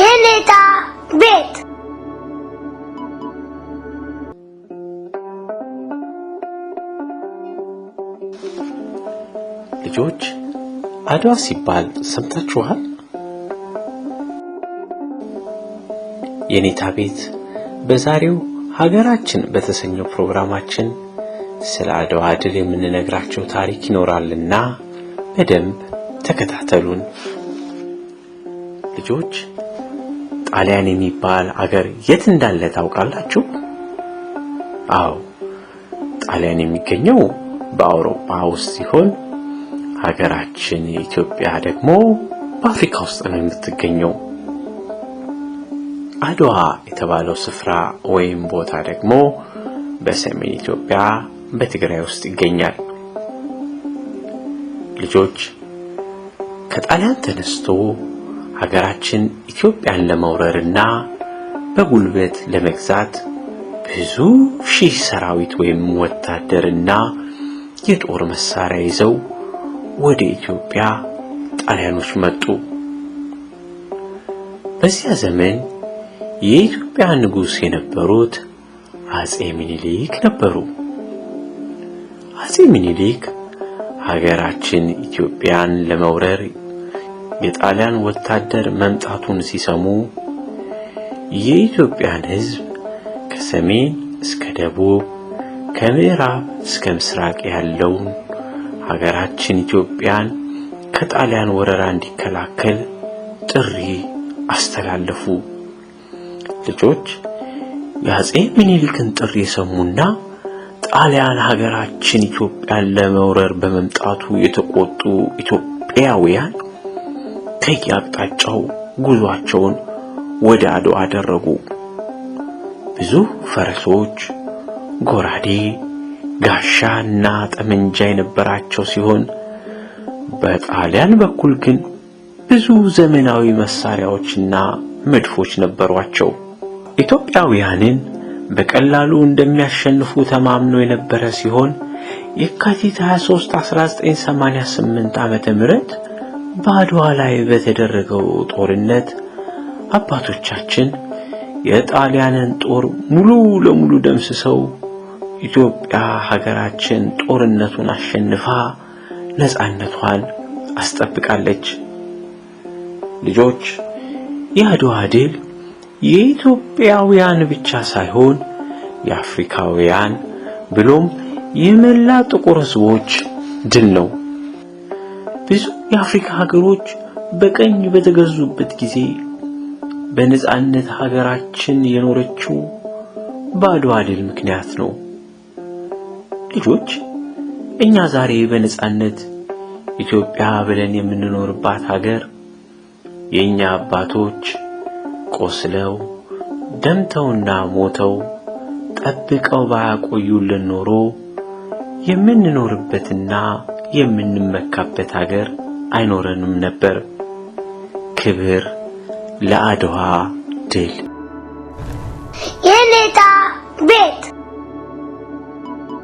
የኔታ ቤት ልጆች አድዋ ሲባል ሰምታችኋል? የኔታ ቤት በዛሬው ሀገራችን በተሰኘው ፕሮግራማችን ስለ አድዋ ድል የምንነግራቸው ታሪክ ይኖራልና በደንብ ተከታተሉን ልጆች። ጣሊያን የሚባል አገር የት እንዳለ ታውቃላችሁ? አዎ ጣሊያን የሚገኘው በአውሮፓ ውስጥ ሲሆን ሀገራችን ኢትዮጵያ ደግሞ በአፍሪካ ውስጥ ነው የምትገኘው። አድዋ የተባለው ስፍራ ወይም ቦታ ደግሞ በሰሜን ኢትዮጵያ በትግራይ ውስጥ ይገኛል። ልጆች ከጣሊያን ተነስቶ ሀገራችን ኢትዮጵያን ለመውረርና በጉልበት ለመግዛት ብዙ ሺህ ሰራዊት ወይም ወታደርና የጦር መሳሪያ ይዘው ወደ ኢትዮጵያ ጣሊያኖች መጡ። በዚያ ዘመን የኢትዮጵያ ንጉሥ የነበሩት አጼ ሚኒሊክ ነበሩ። አጼ ሚኒሊክ ሀገራችን ኢትዮጵያን ለመውረር የጣሊያን ወታደር መምጣቱን ሲሰሙ የኢትዮጵያን ሕዝብ ከሰሜን እስከ ደቡብ ከምዕራብ እስከ ምስራቅ ያለውን ሀገራችን ኢትዮጵያን ከጣሊያን ወረራ እንዲከላከል ጥሪ አስተላለፉ። ልጆች የአፄ ምኒልክን ጥሪ ሰሙና ጣሊያን ሀገራችን ኢትዮጵያን ለመውረር በመምጣቱ የተቆጡ ኢትዮጵያውያን ከየአቅጣጫው ጉዟቸውን ወደ አድዋ አደረጉ። ብዙ ፈረሶች፣ ጎራዴ፣ ጋሻ እና ጠመንጃ የነበራቸው ሲሆን በጣሊያን በኩል ግን ብዙ ዘመናዊ መሳሪያዎችና መድፎች ነበሯቸው። ኢትዮጵያውያንን በቀላሉ እንደሚያሸንፉ ተማምኖ የነበረ ሲሆን የካቲት 23 1988 ዓ.ም በአድዋ ላይ በተደረገው ጦርነት አባቶቻችን የጣሊያንን ጦር ሙሉ ለሙሉ ደምስሰው ኢትዮጵያ ሀገራችን ጦርነቱን አሸንፋ ነፃነቷን አስጠብቃለች። ልጆች፣ የአድዋ ድል የኢትዮጵያውያን ብቻ ሳይሆን የአፍሪካውያን ብሎም የመላ ጥቁር ሕዝቦች ድል ነው። ብዙ የአፍሪካ ሀገሮች በቀኝ በተገዙበት ጊዜ በነጻነት ሀገራችን የኖረችው በአድዋ ድል ምክንያት ነው። ልጆች እኛ ዛሬ በነጻነት ኢትዮጵያ ብለን የምንኖርባት ሀገር የኛ አባቶች ቆስለው ደምተውና ሞተው ጠብቀው ባያቆዩልን ኖሮ የምንኖርበትና የምንመካበት ሀገር አይኖረንም ነበር። ክብር ለአድዋ ድል የኔታ ቤት